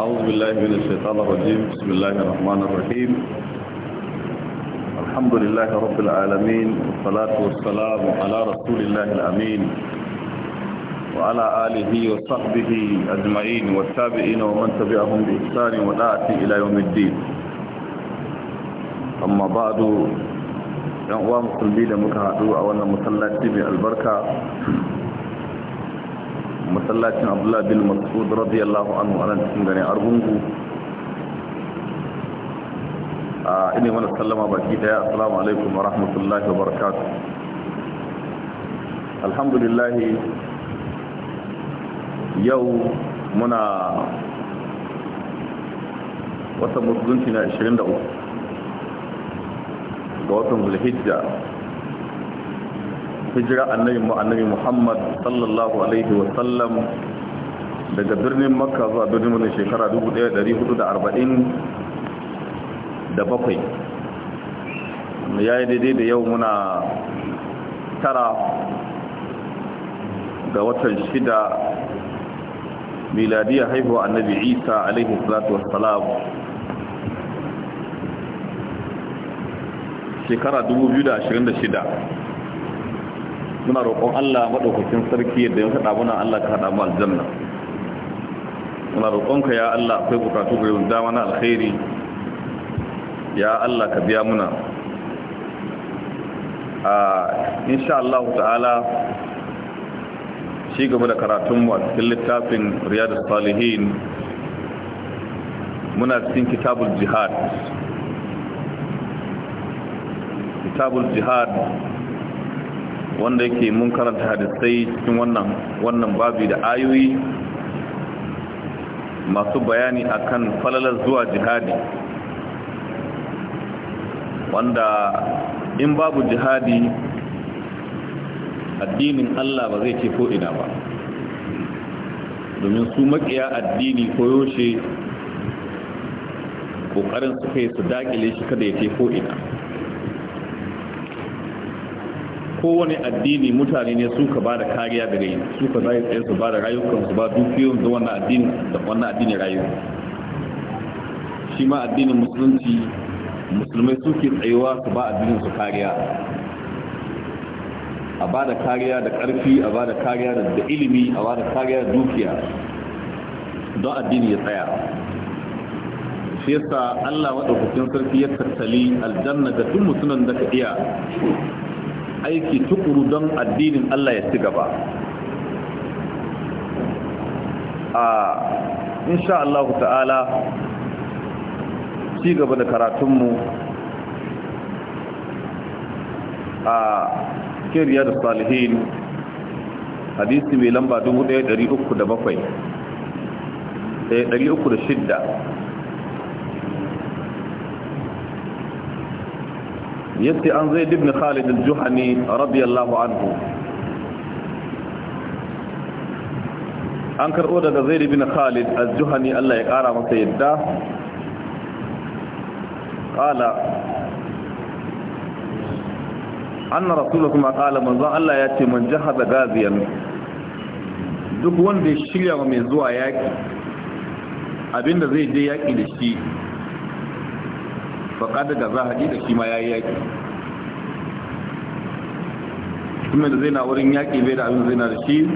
أعوذ بالله من الشيطان الرجيم بسم الله الرحمن الرحيم الحمد لله رب العالمين والصلاة والسلام على رسول الله الأمين وعلى آله وصحبه أجمعين والتابعين ومن تبعهم بإحسان ودعتي إلى يوم الدين أما بعد ينقوى مسلمين مكهدوا أولا مسلاتي بالبركة masallacin Abdullahi bin masud radiyallahu anhu a cikin ganin argungu a ina mana sallama baki daya assalamu alaikum wa rahmatullahi wa barakatuh Alhamdulillahi yau muna watan musulunci na 23 ga watan zulhijja hijira annabi mu annabi Muhammad sallallahu alaihi wa sallam daga birnin Makka zuwa birnin Madina shekara 1447 yayi daidai da yau muna tara ga watan shida miladiyar haihuwa annabi Isa alaihi salatu wassalam shekara 2026 muna roƙon Allah maɗaukakin sarki yadda yau haɗa muna Allah ka haɗa mu aljanna muna roƙonka ya Allah akwai bukatu ga yawan dama na alkhairi ya Allah ka biya muna a insha Allah ta'ala shi gaba da karatunmu a cikin littafin riyadu salihin muna cikin kitabul jihad kitabul jihad wanda yake mun karanta hadisai cikin wannan wannan babu da ayoyi masu bayani akan falalar zuwa jihadi wanda in babu jihadi addinin Allah ba zai ce ko ina ba domin su makiya addini ko yoshe kokarin su kai su dakile shi kada ya ce ko ina kowane addini mutane ne suka ba da kariya daga yi suka ka zai tsaye su ba da rayukan su ba dukiyoyin da wannan addini da wannan addini rayu shi ma addinin musulunci musulmai suke tsayuwa su ba addinin su kariya a ba da kariya da ƙarfi, a ba da kariya da ilimi a ba da kariya da dukiya don addini ya tsaya shi yasa Allah madaukakin sarki ya tattali aljanna da duk mutumin da ka iya aiki tukuru don addinin Allah ya ci gaba a insha Allah ta'ala ci gaba da karatunmu a kiriya da salihin hadisi mai lamba 1307 shidda. yace an zai dibni khalid al-juhani radiyallahu anhu an karbo daga zaid ibn khalid al-juhani Allah ya kara masa yadda rasu anna kuma qala manzo Allah ya ce man da gaziyan duk wanda ya shirya mai zuwa yaki abinda zai je yaki da shi faƙadar da za a da shi ma ya yi yaƙi kuma da zai na wurin yaƙi bai da abin zai na da shi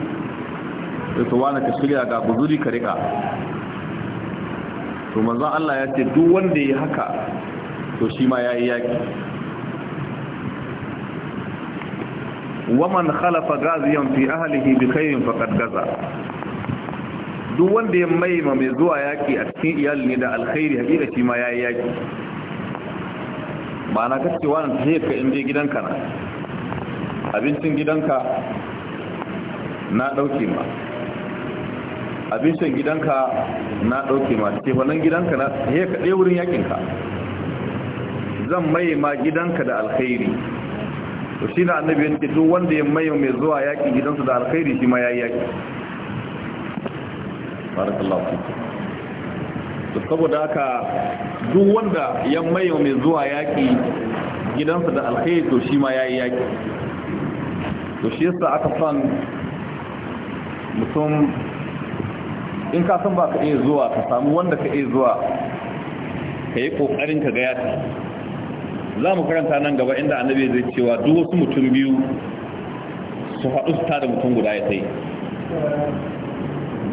da su wani ka shirya ga guzuri ka riƙa to manzan Allah ya ce duk wanda ya haka to shi ma ya yi yaƙi waman khalafa gaziyan fi ahalihi bi khairin faqad gaza duk wanda ya maima mai zuwa yaƙi a cikin iyalin ne da alkhairi hakika shi ma ya yi yaƙi ma'ana kaske wani ta hiyarka inda gidanka na abincin gidanka na ɗauke ma abincin gidanka na ɗauke ma ke wannan gidanka na hiyarka ɗaya wurin yakinka zan maye ma gidanka da alkhairi to shi na annabi yanke duk wanda ya maye mai zuwa yakin gidansu da alkhairi shi ma ya yi yaki barakallahu to saboda haka duk wanda ya mayo mai zuwa yaƙi gidansa da alkhairi to shi ma yayi yaƙi to shi yasa aka san mutum in ka san ba ka iya zuwa ka samu wanda ka iya zuwa ka yi ƙoƙarin ka gaya ta za mu karanta nan gaba inda annabi zai cewa duk wasu mutum biyu su haɗu su tada mutum guda ya sai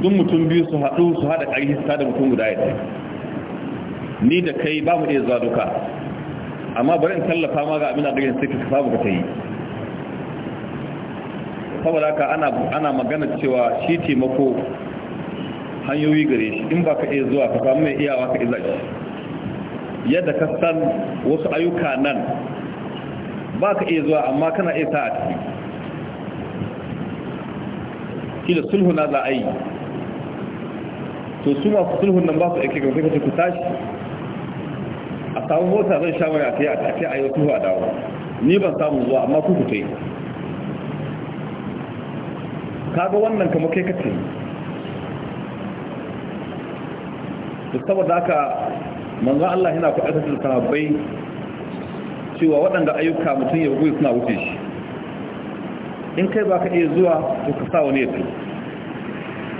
duk mutum biyu su haɗu su haɗa ƙarfi su tada mutum guda ya ni da kai ba mu iya zuwa duka amma bari in tallafa ma ga abin da ɗagen sai ka samu ka ta yi saboda haka ana magana cewa shi taimako hanyoyi gare shi in ba ka iya zuwa ka samu mai iyawa ka iza shi yadda ka san wasu ayyuka nan ba ka iya zuwa amma kana iya sa a ciki kila sulhu na za a yi to su masu sulhun nan ba su aiki gaba sai ku tashi a samu mota zan sha wani a ta a ta yi tuhu a dawo ni ban samu zuwa amma ku ku tai yi kaga wannan kama kai kace da saboda haka manzan Allah yana ku aikata bai cewa waɗanda ayyuka mutum ya gudu suna wuce shi in kai ba ka iya zuwa to ka sa wani ya tafi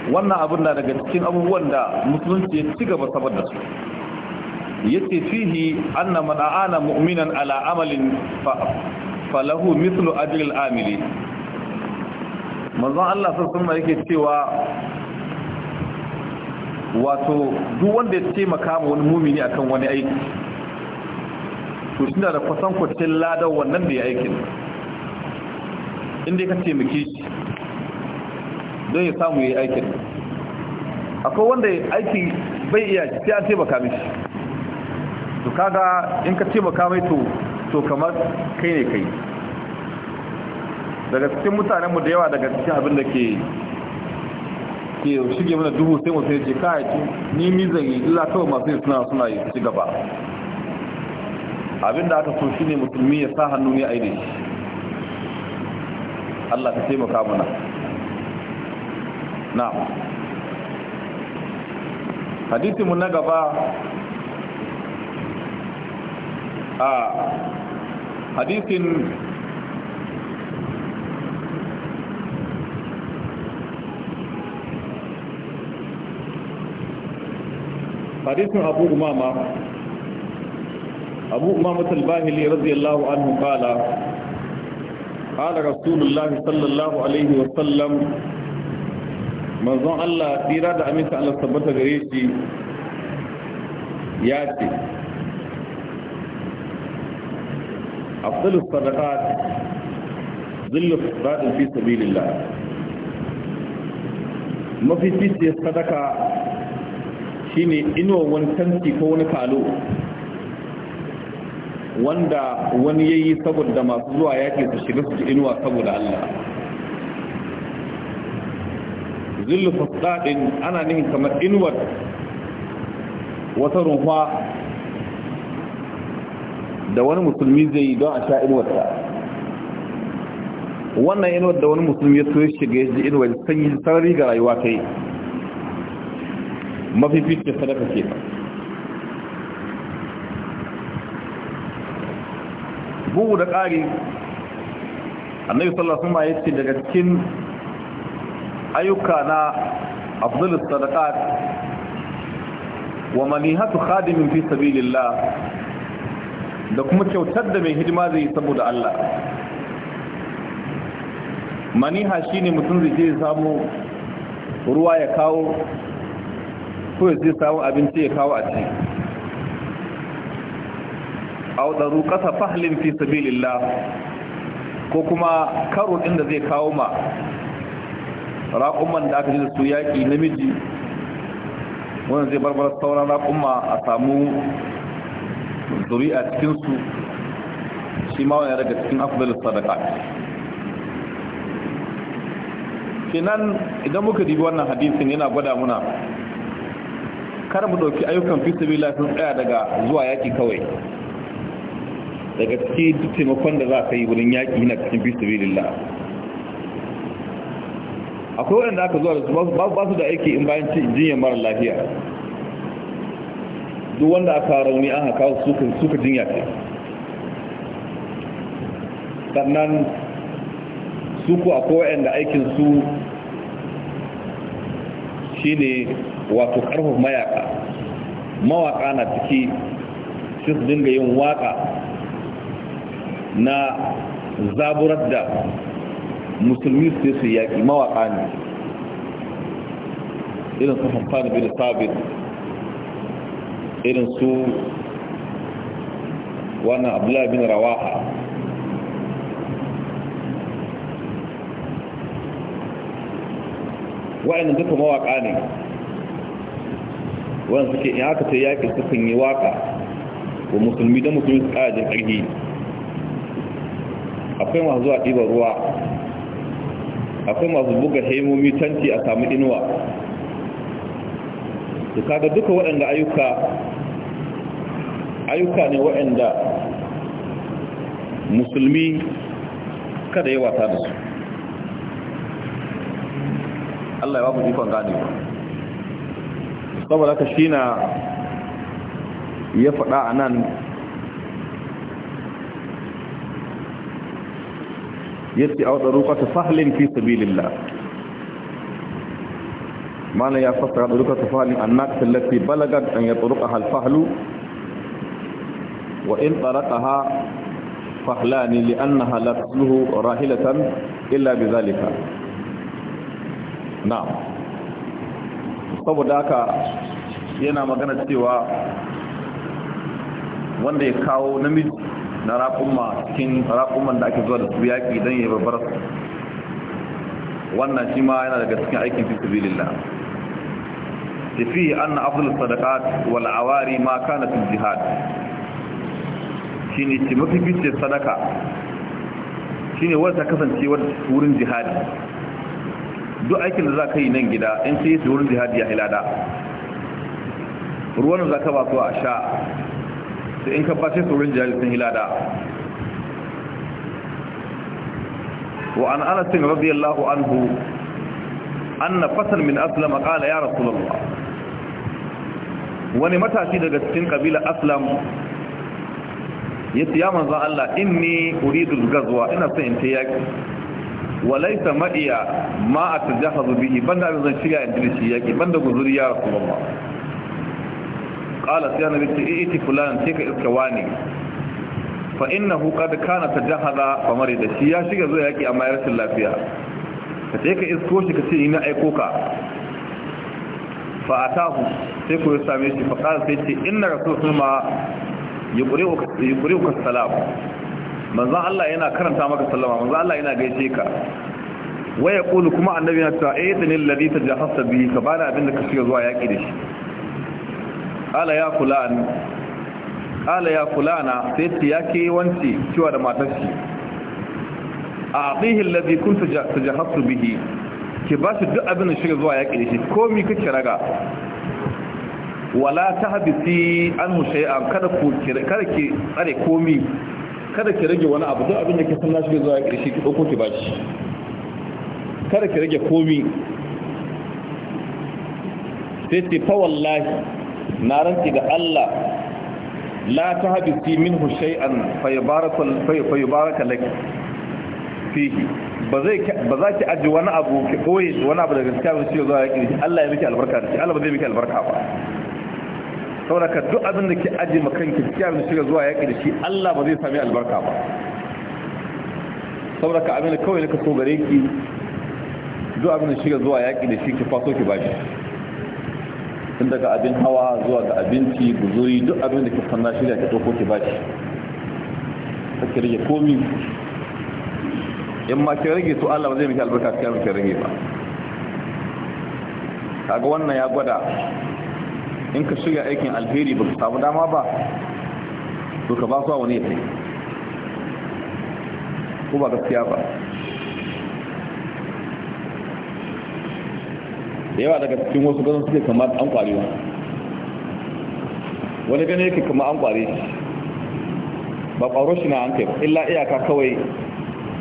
wannan abin da daga cikin abubuwan da musulunci ya ci gaba saboda su ce fihi anna man aana mu'minan ala falahu mislu ajri al-amili manzon Allah sun alaihi yake cewa wato duk wanda ya taimaka wa wani mumini akan wani aiki to shi da kwasan kwacin ladan wannan da ya aikin inda ka taimake shi don ya samu yi aikin akwai wanda aiki bai iya sai an taimaka mishi to kaga in ka taimaka mai to to kamar kai ne kai daga cikin mutanenmu da yawa daga cikin abin da ke ke shige mana dubu sai mu ya ce kai ni mi yi illa kawai masu yin suna suna yi ci gaba Abin da aka so ne musulmi ya sa hannu ne a yi da shi Allah ka taimaka mana نعم حديث من غبا ا آه. حديث حديث ابو امامه ابو امامه الباهلي رضي الله عنه قال قال رسول الله صلى الله عليه وسلم manzon Allah tsira da aminta Allah tabbata gare shi ya ce sadaka sadaqat zillu sadaqat fi sabilillah mafi fice sadaka shine inuwa wani tanti ko wani kalo wanda wani yayi saboda masu zuwa yake su shiga su inuwa saboda Allah zillu fasadin ana nihin kamar inward wata rumfa da wani musulmi zai yi don a sha inuwarsa wannan inuwar da wani musulmi ya soye shiga ya ji inuwar sanyi sarari ga rayuwa ta yi mafificin sadaka ke ba bugu da ƙari annabi sallallahu alaihi wasallam ya ce daga cikin ayyuka na afdal sadaqat wa manihatu khadimin fi sabilillah da kuma kyautar da mai hidima zai saboda Allah maniha shine mutum zai je samu ruwa ya kawo ko ya je samu abinci ya kawo a ciki. aw daru qasa fahlin fi sabilillah ko kuma karo din da zai kawo ma raƙumman da aka ji da su yaƙi namiji wanda zai barbar sauran raƙumma a samu zuri a cikinsu shi ma wani daga cikin afdalin sadaka kenan idan muka dibi wannan hadisin yana gwada muna kar mu ɗauki ayyukan fisa sabila sun tsaya daga zuwa yaƙi kawai daga cikin taimakon da za ka yi wurin yaƙi na cikin fi akwai waɗanda aka zuwa da su ba su da aiki in bayan jinyar mara lafiya duk wanda aka rauni an haka suka jinya ce sannan su ku akwai waɗanda aikin su ne wato ƙarfin mayaka mawaka na ciki shi su dinga yin waka na zaburar da musulmi su su yaƙi mawaƙa ne irin su hassan bin sabit irin su wannan abdullahi bin rawaha wa'annan duka mawaƙa ne wanda suke in aka ta yaƙi kan yi waƙa wa musulmi don musulmi su ƙara ƙarfi akwai masu zuwa ɗiba ruwa akwai masu buga haimomi tanti a samu inuwa su kada duka waɗanda ayyuka ayyuka ne waɗanda musulmi kada ya wata da su Allah ya babu ikon gane ba saboda ka shi na ya faɗa a nan yace aw daruqatu fahlin fi sabilillah mana ya fasara daruqatu fahlin annaqat allati balagat an yatruqaha hal fahlu wa in taraqaha fahlani li'annaha la tasluhu rahilatan illa bidhalika na'am saboda haka yana magana cewa wanda ya kawo namiji na raƙumma cikin raƙumman da ake zuwa da su yaƙi don yi babbar wannan shi ma yana daga cikin aikin fi sabilillah tafi na afdal sadaqat wal awari ma kana fil jihad shine ce mafi fice sadaka shine wanda ta kasance wurin jihadi duk aikin da za ka yi nan gida in sai wurin jihadi ya hilada ruwan da za ka ba su a sha sai in ka fashe saurin jihar sun hilada wa an an radiyallahu anhu na fasar min aslam kala ya rasulullah wani matashi daga cikin kabila aslam ya ya manzan Allah inni uridu al zuwa ina son in tayaki wa ta ma'iya ma atajahazu bihi banda zan shiga in shi yaki banda guzuri ya rasulullah qala sai annabi ce iti fulan sai ka iska wani fa innahu qad kana tajahada fa marida shi ya shiga zuwa yaki amma ya lafiya ka sai ka isko shi ka ce ina aiko ka fa sai ku same shi fa sai ce inna rasulullah yuqri'uka yuqri'uka salam manzo Allah yana karanta maka sallama manzo Allah yana gaishe ka waya kulu kuma annabi na ta ayyadin a tajahhasta bihi ka bana abin da ka shiga zuwa yaki da ala ya fulan ala ya fulana sai ce ya ke wance cewa da matashi a aqihi allazi kunta tajahhasu bihi Ki ba shi duk abin da shiga zuwa ya kire shi komi kake raga wala tahbisi anhu shay'an kada ku kada ki tsare komi kada ki rage wani abu duk abin da ke sanna shiga zuwa ya shi ki dauko ki shi kada ki rage komi sai ce fa wallahi na ranci ga Allah la ta fi minhu shay'an fayubaraka laki fihi ba ba za ki aji wani abu ki koyi wani abu da gaskiya ba shi zuwa ya kirki Allah ya miki albarka da shi Allah ba zai miki albarka ba saboda ka duk abin da ki aji makan ki gaskiya ba shi zuwa ya shi, Allah ba zai sami albarka ba saboda ka abin da kawai ka so gare ki duk abin da shi zuwa ya shi, ki faso ki ba shi. tun daga abin hawa zuwa ga abinci guzuri duk abin da ke shi shirya ke ɗauko ke baki kake rage komi in ke ki rage to Allah ba zai miki albarka ki ke rage ba kaga wannan ya gwada in ka shirya aikin alheri ba ka samu dama ba to ka ba su wani ya ko ba gaskiya ba da yawa daga cikin wasu ganin suke kama an kware wa? wani gane yake kama an kware ba kwaro shi na an kai illa iyaka kawai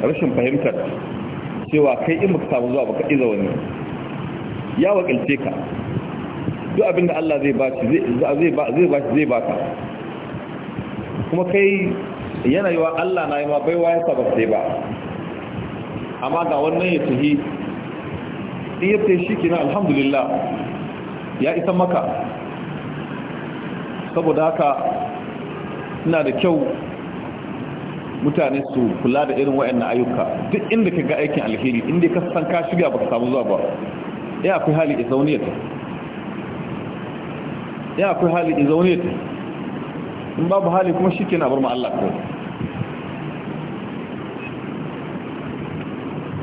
rashin fahimtar cewa kai in baka samu zuwa baka iza wani ya wakilce ka duk abin da Allah zai baci zai baci zai baka kuma kai yana wa Allah na yi ma baiwa ya saba sai ba amma ga wannan ya tuhi in shi kenan alhamdulillah ya isa maka saboda haka suna da kyau mutane su kula da irin wa'annan ayyuka duk inda ka ga aikin alheri inda ka san ka shiga baka samu zuwa ba ya akwai hali ta ya akwai hali ta in babu hali kuma shi kenan bar ma Allah ko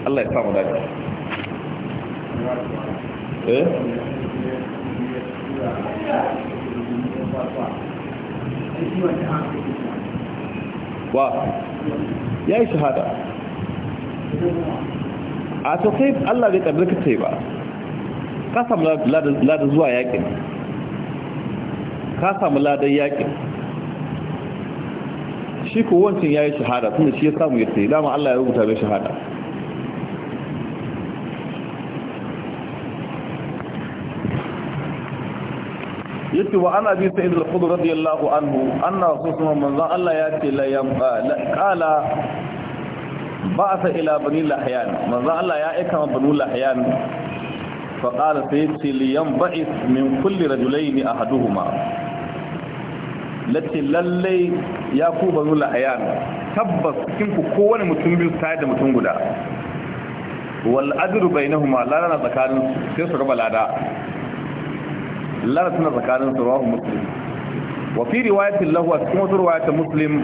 Allah ya samu dace eh wa ya yi shahada a to kai Allah bai kaddarka ta ba ka samu ladan zuwa yakin ka samu ladan yakin shi ko wancan ya yi shahada tun da shi ya samu ya ta dama Allah ya rubuta mai shahada yace wa ana bi sa'id al-khudri radiyallahu anhu anna rasulullah manzo Allah ya ce la yamqa ah, qala ba'atha ila bani lahyan manzo Allah ya aika ma bani lahyan fa qala sayyidi li yanba'is min kulli rajulayn ahaduhuma lati lallai ya ku bani lahyan tabbas cikin ku kowane mutum biyu sai da mutum guda wal ajru bainahuma ladana tsakanin sai su raba lada lara suna tsakanin su rawahu muslim wa fi riwayatin lahu a cikin wata riwaya ta muslim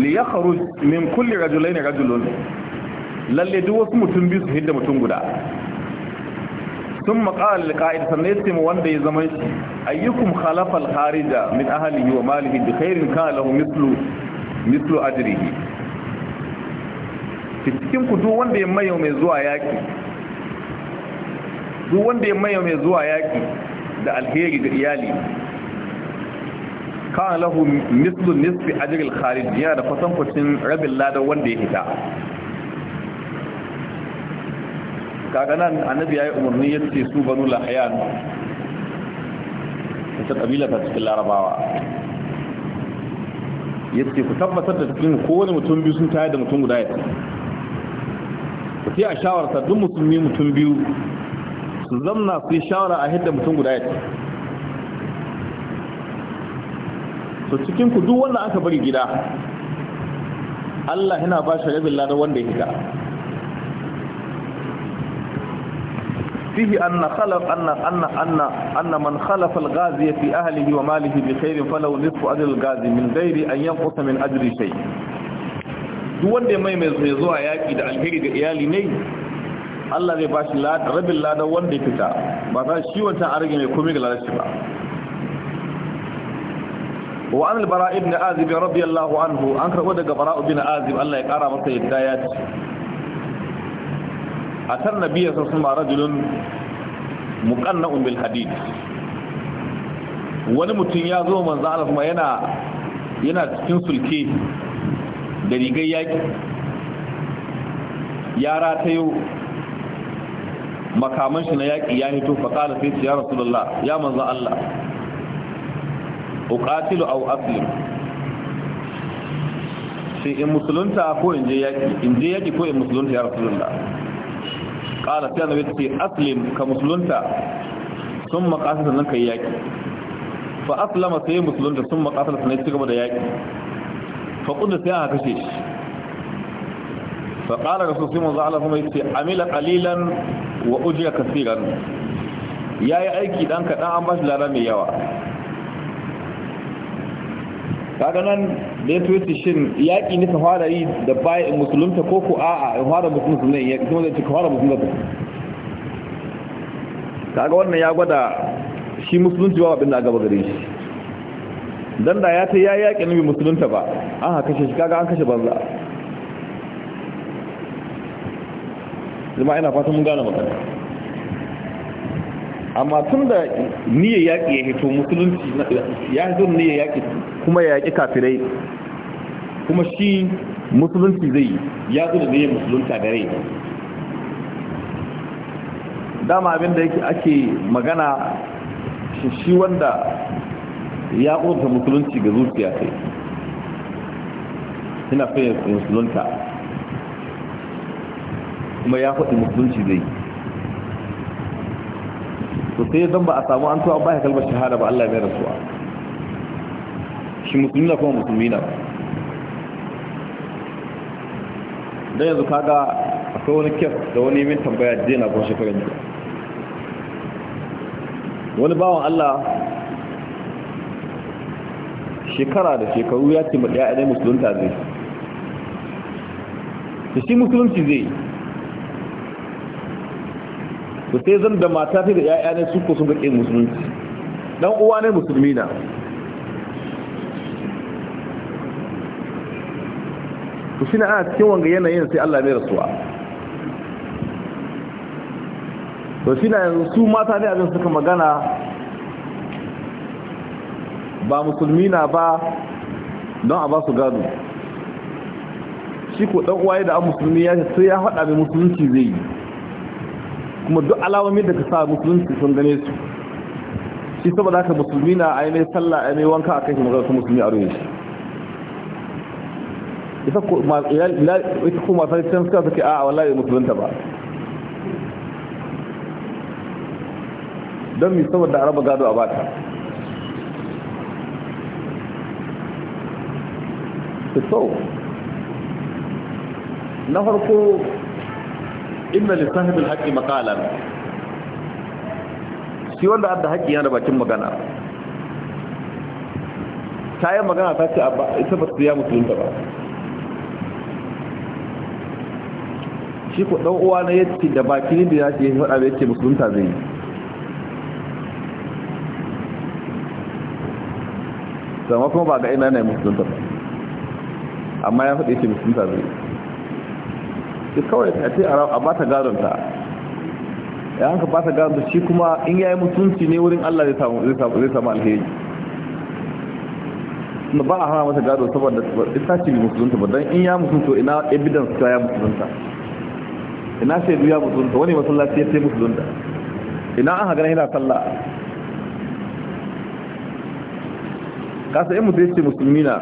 li ya kharuj min kulli rajulain rajulun lalle duk wasu mutum biyu su hidda mutum guda sun maƙarar alƙa'id sannan ya ce mu wanda ya zama shi ayyukum khalafal kharija min ahalihi wa malihi bi khairin kana lahu mislu mislu ajrihi cikin ku duk wanda ya mayo mai zuwa yaki duk wanda ya mayo mai zuwa yaki da alheri ga iyali ka lahu mislu nisfi ajril kharij yana da kusan kucin rabin ladan wanda ya hita kaga nan annabi yayi umarni yace su banu lahyan ita kabila ta cikin larabawa yace ku tabbatar da cikin kowane mutum biyu sun tayar da mutum guda ya ku sai a shawarta duk musulmi mutum biyu su zamna su shawara a hidda mutum guda ya Su cikin ku duk wanda aka bari gida Allah yana ba shi rabin ladar wanda ya hida fihi anna khalaf anna anna anna anna man khalaf al-ghazi fi ahlihi wa malihi bi khairin falahu nisfu ajr al-ghazi min ghairi an yanqusa min ajri shay duk wanda mai mai zuwa yaki da alheri ga iyali ne Allah zai ba shi rabin ladan wanda ya fita ba ta shi wancan an rage mai komai ga lalace ba wa an albara ibn azib radiyallahu anhu an karbo daga bara ibn azib Allah ya kara masa yadda ya ci atar nabiyyi sallallahu alaihi wasallam rajulun muqanna'un bil hadid wani mutum ya zo manzo Allah kuma yana yana cikin sulke da rigar yaki yara ta yau makaman shi na yaƙi ya hito faƙala sai su ya rasulullah ya manzan Allah uqatilu aw aslim sai in musulunta ko in je yaƙi in je yaƙi ko in musulunta ya rasulullah qala sai annabi ce aslim ka musulunta sun maqasata nan kai yaƙi fa aslama sai musulunta sun maqasata sai ci gaba da yaƙi fa kudda sai aka kashe shi fa qala rasul sai manzo Allah kuma yace amila qalilan wa ujira kasiran ya yi aiki dan kaɗan an bashi lada mai yawa kaga nan da ya tuwiti shin yaƙi nika fara yi da baya in musulunta ko ku a'a in fara musulunta ya kuma zai cika fara musulunta kaga wannan ya gwada shi musulunci ba abin da gaba gare shi dan da ya ta ya yaƙi nabi musulunta ba an haka shi kaga an kashe banza zama ina fatan mun gane magana amma tun da niyyar yaƙi ya hito musulunci ya hito niyyar yaƙi kuma ya yaƙi kafirai kuma shi musulunci zai ya zo da niyyar musulunta da rai dama abin da yake ake magana shi wanda ya ƙurta musulunci ga zuciya sai ina so ya musulunta kuma ya faɗi musulunci zai to sai zan ba a samu an tuwa ba ya kalmar shahada ba Allah ya mai rasuwa shi musulmi na kuma musulmi na don yanzu kaga akwai wani kyaf da wani min tambaya jiya na kuma shekarar jiya wani bawan Allah shekara da shekaru ya ce maɗaya ɗaya musulunta zai da shi musulunci zai to sai zan da mata ta da ya'ya ne su ko sun gaƙe musulunci dan uwa ne musulmi na to shi ne ana cikin wanga yanayin sai Allah ne rasuwa to shi na yanzu su mata ne abin suka magana ba musulmi na ba don a ba su gado shi ko dan uwaye da an musulmi ya ce sai ya faɗa mai musulunci zai yi kuma duk alamomin da ka sa musulunci sun gane su shi saboda haka musulmi na a yi mai sallah a yi mai wanka a kai shi magana musulmi a ruwa ita ko masu can suka suke a wallahi musulunta ba don mi saboda araba gado a bata so na farko inna li sahibil haqqi maqalan shi wanda adda haƙƙi yana bakin magana ta yi magana ta ce abba ita ba su ya musulunta ba shi ku dan uwa na yace da bakin da yake ce ya faɗa da yace musulunta zai yi kuma ba ga ina ne musulunta ba amma ya fadi yace musulunta zai yi sai kawai ta ce a ba ta gadonta ya hanka ba ta gadonta shi kuma in ya yi mutunci ne wurin Allah zai samu alheri na ba a hana mata gado saboda ita ce bi musulunta ba don in ya musulunta ina evidence ta ya musulunta ina shaidu ya musulunta wani masallaci ya ce musulunta ina an hagana yana sallah kasa in mutu ya ce musulmi na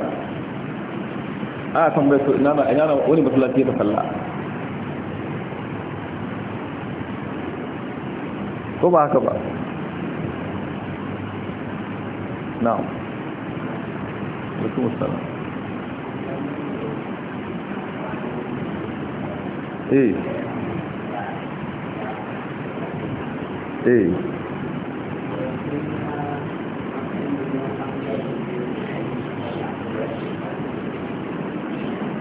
a tambaye su ina na wani masallaci ya ta sallah ko ba haka ba na'am alaikum assalam eh eh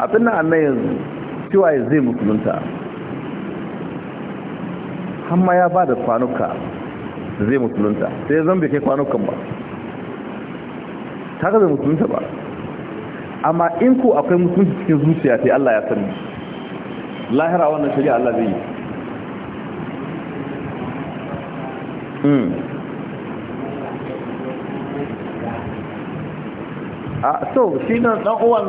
abin nan annayin yanzu cewa zai musulunta hamma ya ba da kwanuka zai musulunta sai zan bai kai kwanukan ba ta ga zai musulunta ba amma in ko akwai musulunci cikin zuciya sai Allah ya sani lahira wannan shari'a Allah zai yi hmm. a so shi nan ɗan'uwan uwan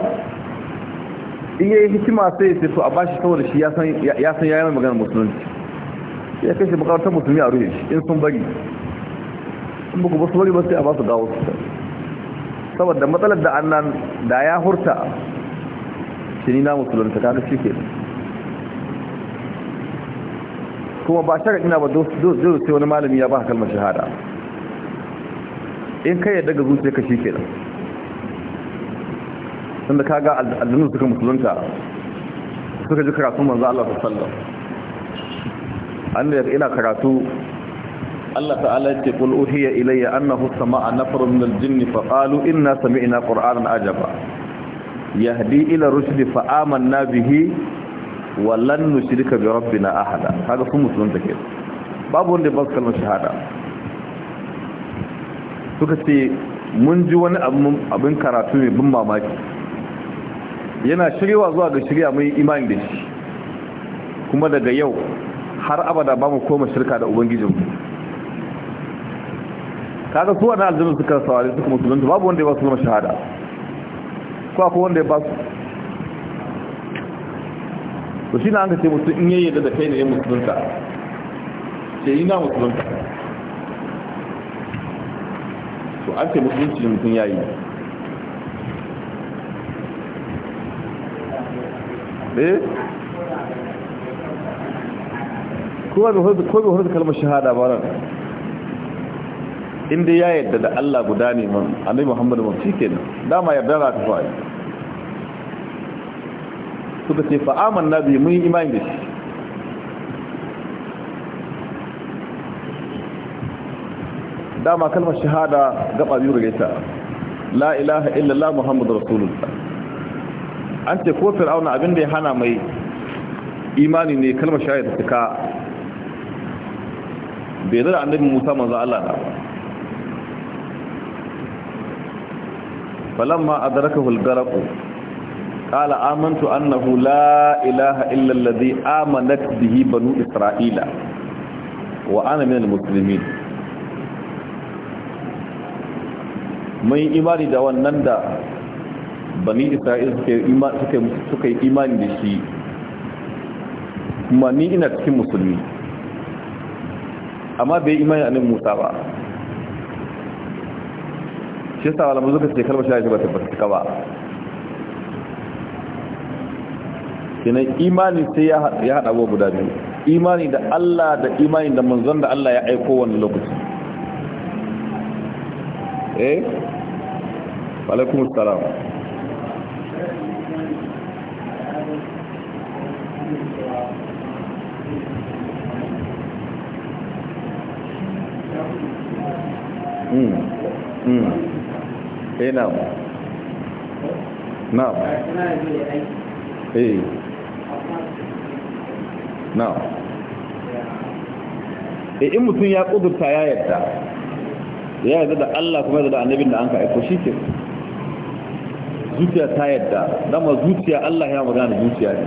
in yi hikima sai ya ce so a bashi saboda shi ya ya san yayin maganar musulunci ya kai shi makarantar musulmi a rufe in sun bari in buku ba su bari ba sai a ba su dawo su saboda matsalar da annan da ya hurta shi ni na musulunta kaga shi ke kuma ba shaka ina ba dole sai wani malami ya ba kalmar shahada in kai yadda ga zuciya ka shi ke nan da kaga aljanu suka musulunta suka ji karatun manzo Allah sallallahu alaihi wasallam an da ina karatu Allah ta'ala ce kul uhiya ilayya annahu sama'a nafarun min al-jinn fa qalu inna sami'na qur'anan ajaba yahdi ila rushdi fa amanna bihi wa lan nushrika bi rabbina ahada kaga kun musulun ke babu wanda ba kalmar shahada suka ce mun ji wani abin karatu mai bin mamaki yana shirya zuwa ga shirya mai imani da shi kuma daga yau har abada ba mu koma shirka da ubangijinmu kaga su wani aljanu suka sawari suka musulunta babu wanda ya ba su zama shahada ko akwai wanda ya ba su shi na an ka ce mutum in yadda da kai ne yin musulunta ce yi na musulunta to an ce musulunci da mutum yayi eh kowa bai ko bai kalmar shahada ba nan inda ya yarda da Allah guda ne mun annabi Muhammadu mun nan. dama yadda za ta fa'i suka ce fa amanna bi mun imani da shi dama kalmar shahada gaba biyu gare ta la ilaha illallah Muhammadu rasulullah an ce ko auna abin da ya hana mai imani ne kalmar shahada ta bai zara annabi musa manzo Allah da falamma adrakahu al-gharq qala amantu annahu la ilaha illa alladhi amanat bihi banu isra'ila wa ana min al-muslimin mai imani da wannan da bani isra'il suka yi imani da shi kuma ni ina cikin musulmi amma bai imani a nan musa ba shi sa wala muzuka ce kalmar shahada ba ta fasika ba kenan imani sai ya haɗa abubuwa guda biyu imani da Allah da imani da manzon da Allah ya aiko wani lokaci eh alaikum assalam Hmm. Hmm. eh na na eh na eh in mutum ya kudurta ya yarda ya yarda da Allah kuma yarda da annabin da an ka aiko shi ke zuciya ta yarda dama zuciya Allah ya magana zuciya ne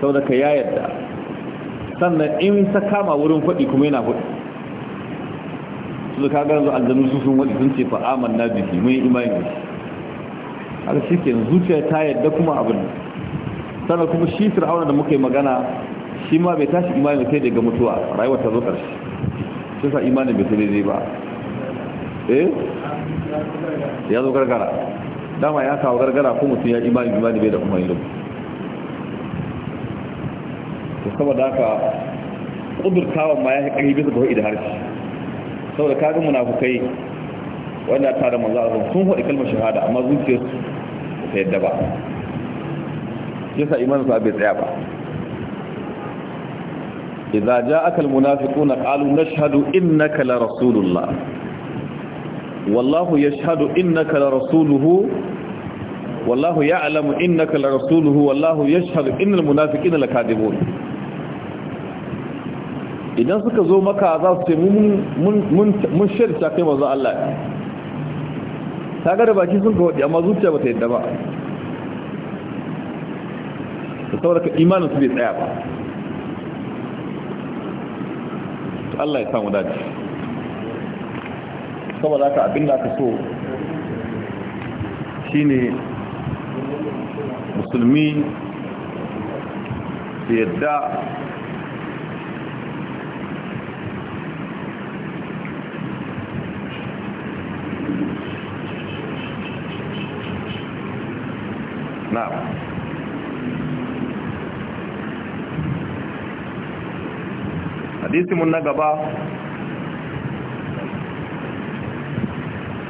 saboda ka ya yarda sannan in ta kama wurin faɗi kuma yana faɗi su ka gano aljanu su sun wadda sun ce fa na bihi mun yi imani da shi ke zuciya ta yadda kuma abin sana kuma shi fir'auna da muka yi magana shi ma bai tashi imani sai daga mutuwa rayuwa ta zo karshe shi sa imanin bai sai daidai ba eh ya zo gargara dama ya kawo gargara ko mutum ya imani imani bai da kuma ilimu to saboda haka kudurtawan ma ya yi ƙarfi bisa ga ho'i da harshe saboda kaga munafukai wanda ta da manzo Allah sun faɗi kalmar shahada amma zuciyar su ta yadda ba yasa imanin su bai tsaya ba idza ja'aka almunafiquna qalu nashhadu innaka la rasulullah wallahu yashhadu innaka la rasuluhu wallahu ya'lamu innaka la rasuluhu wallahu yashhadu innal munafiqina lakadibun idan suka zo maka za su ce mun shirta shafi mazu Allah ta gada baki sun ka waɗi amma zuciya ba ta yadda ba da sauraka imanin su bai tsaya ba Allah ya samu daji saboda ka abin da aka so Shi ne musulmi su yadda na'am hadisi mun na gaba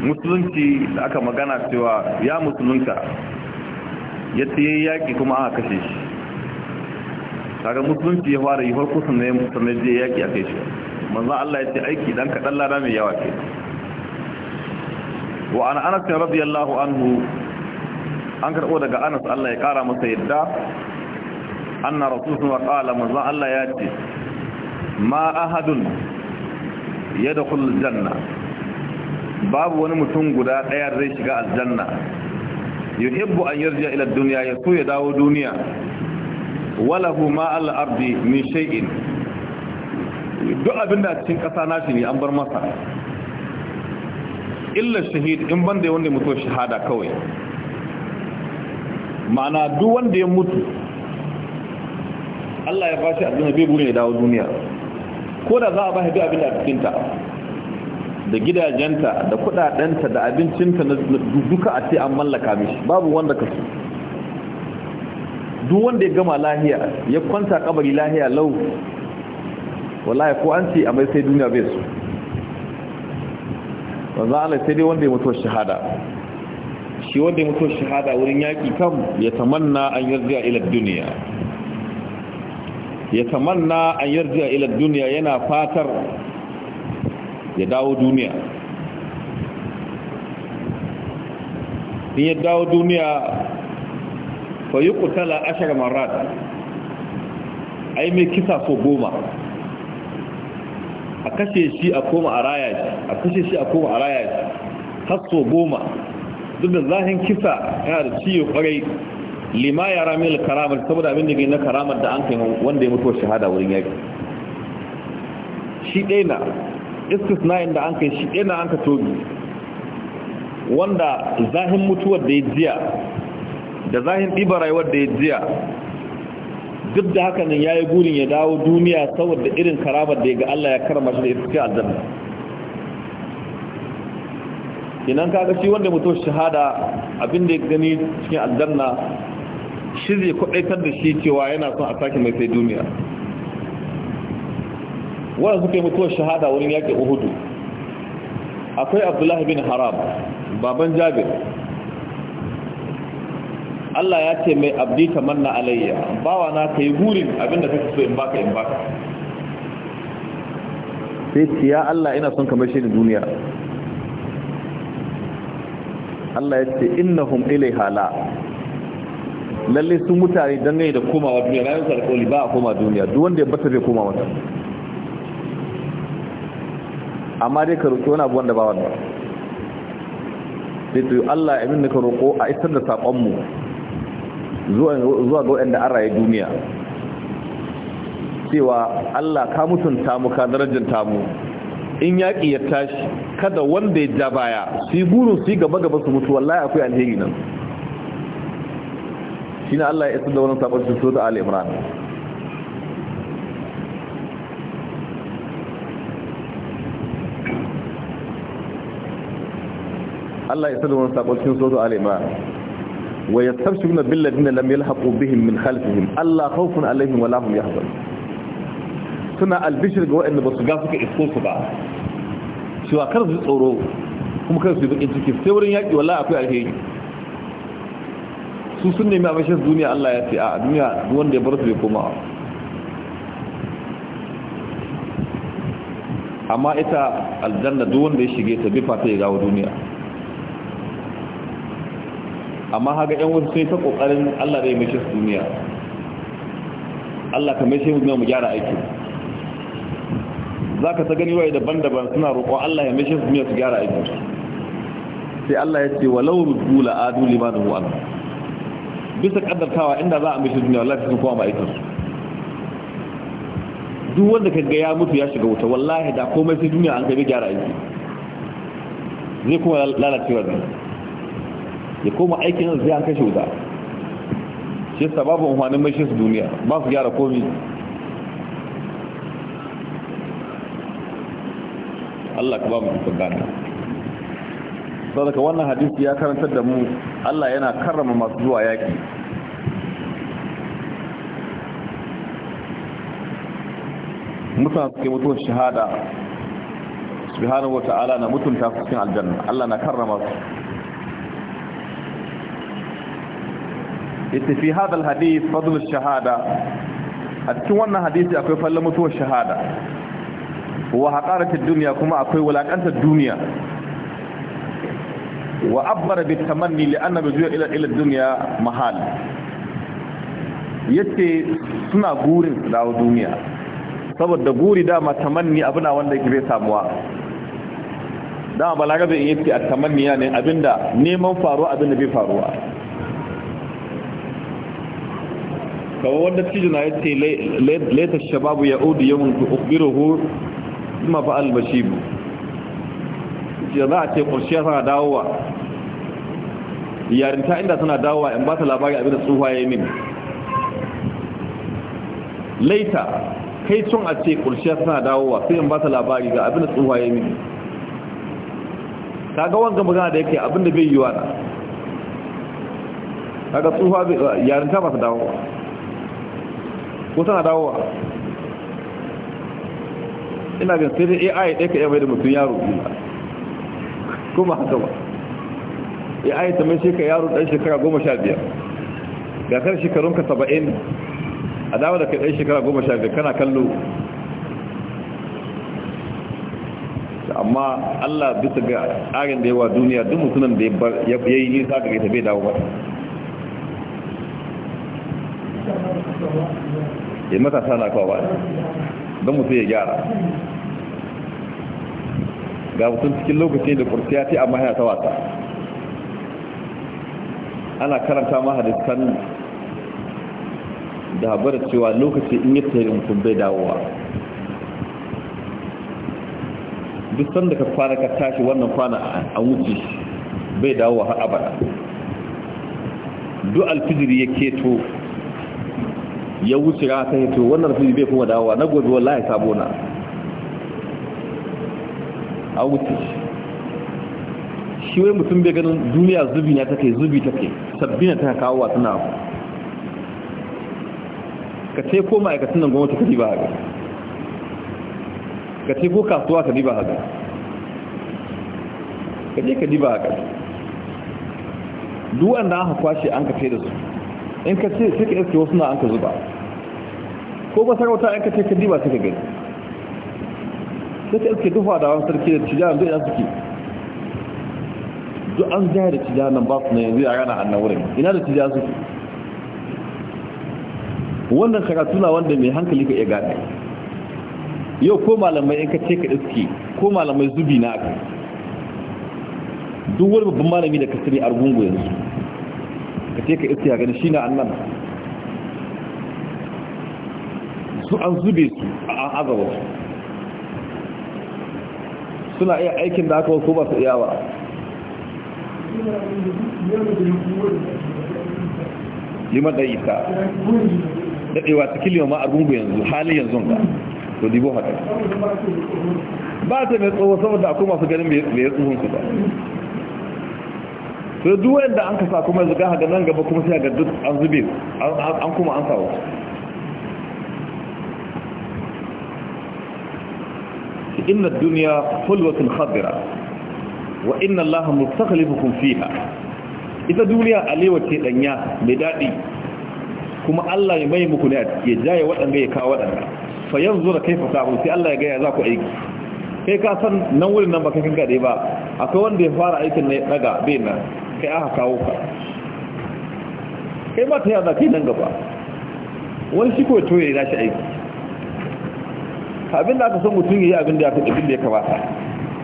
musulunci da aka magana cewa ya musulunta ya tsaye yaƙi kuma aka kashe shi daga musulunci ya fara yi farko sannan sannan je yaƙi a kai shi manzan Allah ya ce aiki dan kaɗan lada mai yawa ke wa an anas radiyallahu anhu an karɓo daga anas Allah ya ƙara masa yadda anna rasulun wa ƙala manzan Allah ya ce ma ahadun ya da janna babu wani mutum guda ɗaya zai shiga aljanna yuhibbu an yarja ila duniya ya so ya dawo duniya walahu ma al'ardi min shay'in duk abinda cikin ƙasa nashi ne an bar masa illa shahid in banda wanda mutum shahada kawai ma'ana duk wanda ya mutu Allah ya bashi addini bai buri ya dawo duniya ko da za a ba duk abin da a cikinta da gidajenta da kudadenta da abincinta na duka a ce an mallaka mishi babu wanda ka su duk wanda ya gama lahiya ya kwanta kabari lahiya lau wallahi ko an ce a mai sai duniya bai su wanzan ala sai dai wanda ya mutu shahada shi wanda ya mutu shahada wurin yaki kam ya tamanna an yarjiya ila duniya ya tamanna an yarjiya ila duniya yana fatar ya dawo duniya in ya dawo duniya fa yi kutala ashar marat ai mai kisa so goma a kashe shi a koma a raya shi a kashe shi a koma a raya shi har so goma duk da zahin kisa yana da ciwo kwarai lima ya rami da karamar saboda abin da ke na karamar da an kai wanda ya mutuwa shahada wurin yaki shi ɗaya na istisna'in da an kai shi ɗaya na an ka tobi wanda zahin mutuwar da ya jiya da zahin ɗiba rayuwar da ya jiya duk da haka nan ya yi gudun ya dawo duniya saboda irin karamar da ya ga Allah ya karama shi da iska aljanna kenan kaga shi wanda mutum shahada abinda ya gani cikin aljanna shi zai kwadaitar da shi cewa yana son a sake mai sai duniya wanda suka yi mutuwar shahada wurin yaƙin uhudu akwai abdullahi bin haram baban jabir Allah ya ce mai abdi ta manna alayya bawa na ka yi burin abinda kake so in baka in baka sai ya Allah ina son kamar shi da duniya Allah ya ce innahum ilaiha la lalle su mutane dangane da komawa duniya rayuwar su alƙawli ba a koma duniya duk wanda ya bata zai koma wata amma dai ka roƙi wani abu wanda ba wanda sai to Allah ya min ka roƙo a isar da saƙonmu zuwa ga waɗanda an raye duniya cewa Allah ka mutunta mu ka darajanta mu in yaƙi ya tashi kada wanda ya ja baya su burin su gaba gaba su mutu wallahi akwai alheri nan shi na Allah ya isa da wani sabon cikin da Ali Imran Allah ya isa da wani sabon cikin da Ali Imran wa yastabshiruna bil ladina lam yalhaqu bihim min khalfihim Allah khawfun alaihim wa hum yahzanun suna albishir ga waɗanda ba su ga suka isko su ba cewa kar su tsoro kuma kar su yi bakin ciki sai wurin yaƙi wallahi akwai alheri su sun nemi abashin duniya Allah ya ce a duniya wanda ya bar su bai koma amma ita aljanna duk wanda ya shige ta bi ta ya gawo duniya amma haga yan wasu sai ta kokarin Allah ya mai su duniya Allah ka mai shi mu gyara aiki za ka ta gani daban-daban suna roƙo Allah ya mishin su su gyara aiki. sai Allah ya ce walau rudu la'adu adu da wa anhu bisa kaddartawa inda za a mishin duniya wallahi sun koma aikin su duk wanda ka ya mutu ya shiga wuta wallahi da komai sai duniya an kai gyara aiki zai kuma lalacewa ne ya koma aikin zai an kashe wuta shi sababin unhwanin mai shi duniya ba su gyara komai Allah ka ba mu ikon gane sadaka wannan hadisi ya karantar da mu Allah yana karrama masu zuwa yaki mutane suke mutuwar shahada subhanahu wa ta'ala na mutunta su cikin aljanna Allah na karrama su ita fi hadal hadith fadl shahada a cikin wannan hadisi akwai falla mutuwar shahada wa haƙaratar duniya kuma akwai wulaƙantar duniya wa abbar bi tamanni li anna bi zuwa ila ila duniya mahal yace suna gurin dawo duniya saboda guri dama tamanni abuna wanda yake bai samuwa dama bai yace a tamanniya ne abinda neman faruwa abinda bai faruwa kawai wanda cijina yace laita shababu ya'udu yawon ukhbiruhu ma fa albashibu ya za a ce ƙurshiya tana dawowa yarinta inda tana dawowa in ba ta labari abin da tsufa ya yi min laita kai tun a ce ƙurshiya tana dawowa sai in ba ta labari ga abin da tsufa ya yi min ga wanga magana da yake abin da bai yiwa na ga tsufa yarinta ba ta dawowa ko tana dawowa ina gan sai dai ai ɗaya ka yaba da mutum yaro kuma haka ba ai ta mai shekara yaro ɗan shekara goma sha biyar ga kan shekarunka saba'in a dawo da kai ɗan shekara goma sha biyar kana kallo amma Allah bisa ga tsarin da yawa duniya duk mutumin da ya yi nisa ga ita bai dawo ba ya matasa na kawo ba don mutum ya gyara ga mutum cikin lokacin da kursiya ce amma yana ta wasa ana karanta ma hadisan da habar cewa lokaci in yi tsaye mutum bai dawowa duk sanda ka kwana ka tashi wannan kwana an wuce bai dawowa har abada duk alfijiri ya keto ya wuce rana ta hito wannan alfijiri bai kuma dawowa na gobe wallahi sabona a wuce shi wai mutum bai ganin duniya zubi na take zubi take sabbi na ta kawo wa na ka ce ko ma'aikatan nan gwamnati kadi ba haka ka ce ko kasuwa kadi ba haka ka je ka ba haka duk wanda aka kwashe an ka ce da su in ka ce sai ka iske wasu na an ka zuba ko ba sarauta in ka ce ka ba suka ka gani sai ta iske dufa da sarki da tijanan zai yan suke duk an zai da nan ba su na yanzu ya gana annan wurin ina da tijanan suke wannan karatu na wanda mai hankali ka iya gane yau ko malamai in ka ce ka iske ko malamai zubi na aka duk wani babban malami da ka sani rungu yanzu ka ce ka iske ya gani shi na annan su an zube su a an aza suna iya aikin da aka wasu masu iya ba liman da isa daɗewa cikin liman ma'ar gungu yanzu halin yanzu ga to dibo haka ba ta mai tsawo saboda akwai masu ganin mai ya tsohon su ba to duk wanda an kasa kuma zuga ga haka nan gaba kuma sai ga duk an zube an kuma an sawo inna duniya حلوة خضرة وإن الله مستخلفكم فيها إذا ita duniya alewa ce danya mai dadi kuma Allah ya mai muku ne ya jaye waɗanda ya kawo waɗanda fa yanzu da sai Allah ya za ku aiki kai ka san nan wurin nan baka kinga dai ba akwai wanda ya fara aikin ne daga bai nan kai aka kawo ka kai ma ta yada kai nan gaba wani shi ko to ya yi aiki abin da aka son mutum yi abin da ya abin da ya kamata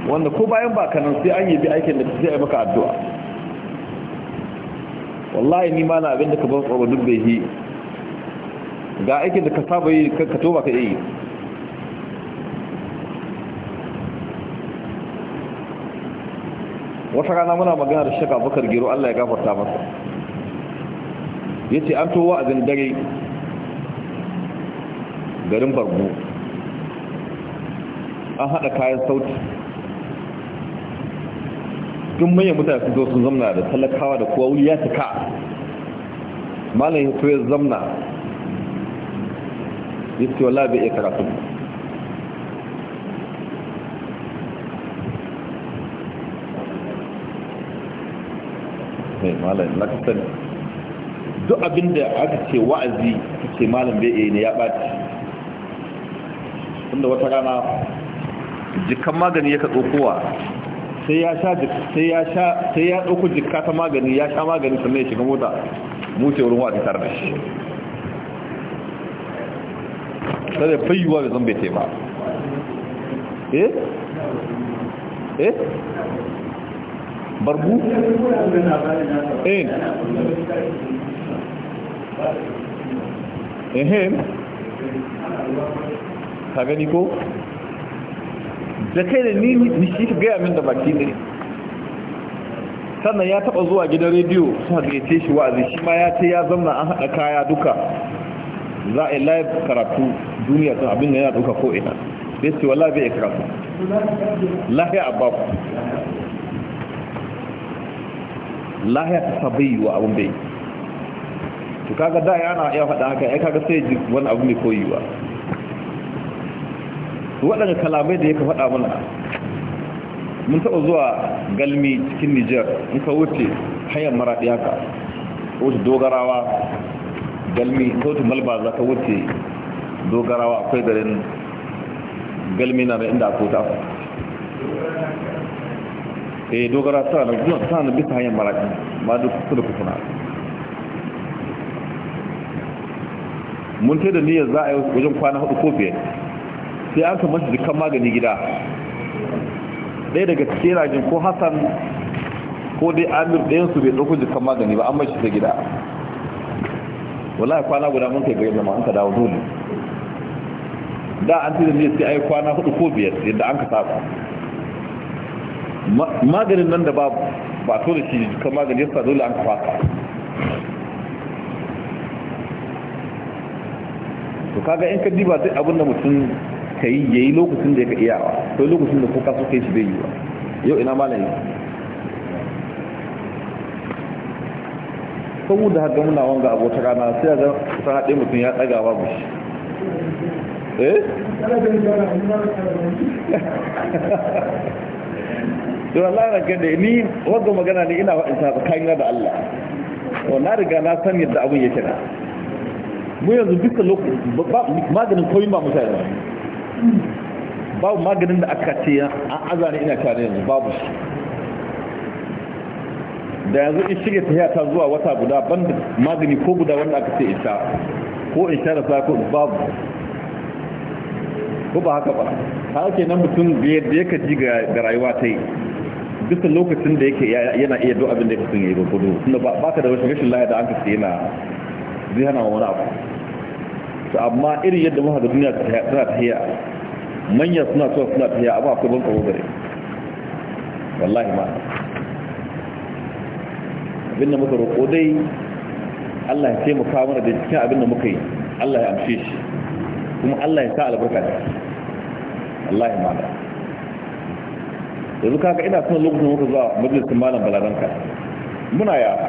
wanda ko bayan ba kanan sai an yi bi aikin da sai a maka addu'a wallahi ni ma na abin da ka ban tsoro duk bai yi ga aikin da ka saba yi ka toba ka yi wata rana muna magana da shaka bakar gero Allah ya gafarta masa ya ce an towa abin dare garin barbu an haɗa kayan sauti tun manyan mutane sun zo sun zamna da talakawa da kowa wuli ya cika malin ya to ya zamna ya ce wala bai iya karatu mai malam na duk abinda aka ce wa'azi aka ce malam bai iya ne ya ɓaci inda wata rana jikan magani ya ka kowa sai ya sha sai ya sai ya jikka ta magani ya sha magani sannan ya shiga mota mutu ce wurin wa'azi tare da shi sai da fayyuwa da zan bai taima. ba eh eh barbu eh eh, eh. ka gani ko da kai da ni ni shi ka gaya min da baki ne sannan ya taba zuwa gidan rediyo suka gaice shi wa'azi shi ma ya ce ya zama an haɗa kaya duka za a yi live karatu duniya sun abin da yana duka ko ina bai ce wala bai karatu lahiya a baku lahiya ta sabai wa abin bai to kaga da yana ya faɗa haka ya kaga sai wani abu mai koyuwa waɗanda kalamai da ya ka faɗa mana mun taɓa zuwa galmi cikin Nijar, in ka wuce hanyar maraɗi haka wuce dogarawa galmi ta wuce malba za ka wuce dogarawa akwai garin galmi na da inda akwai ta e eh, dogara tana da tana bisa hanyar maraɗi ma duk kusa da kusa na mun ta da niyyar za a yi wajen kwana hudu ko biyar sai an kama shi dukkan magani gida ɗaya daga cikin ragin ko hassan ko dai amir ɗayansu bai ɗauko dukkan magani ba an mashi ta gida wallahi kwana guda mun kai gari zama an ka dawo dole da an da ne sai ai kwana hudu ko biyar yadda an ka saba maganin nan da ba ba to da shi dukkan magani yasa dole an fasa. to kaga in ka diba duk abin da mutum ka yi yayi lokacin da ya ka iyawa to lokacin da kuka so kai shi bai yi ba yau ina malami saboda haka muna wanga abota rana sai ga san haɗe mutum ya ɗaga babu shi eh to Allah na gane ni wanda magana ne ina wa'in ta tsakanin da Allah to na riga na san yadda abin yake na mu yanzu duka lokacin maganin koyin ba mutane babu maganin da aka ce an azani ina tare yanzu babu shi da yanzu in shirya ta ta zuwa wata guda ban da magani ko guda wanda aka ce isha ko in sha da sa ko babu ko ba haka ba ta ke nan mutum da ya ka ji ga rayuwa ta yi Bisa lokacin da yake yana iya duk abin da ya sun yi gudu tunda ba ka da rashin rashin laya da an ka ce yana zai hana wani abu to amma irin yadda muka ga duniya tana tafiya manya suna tuwa suna tafiya abu a ban tsoro wallahi ma abin da muka roƙo dai Allah ya taimaka mana da cikin abin da muka yi Allah ya amshe shi kuma Allah ya sa albarka da wallahi ma da yanzu kaka ina son lokacin muka zuwa majalisun malam balaranka muna yara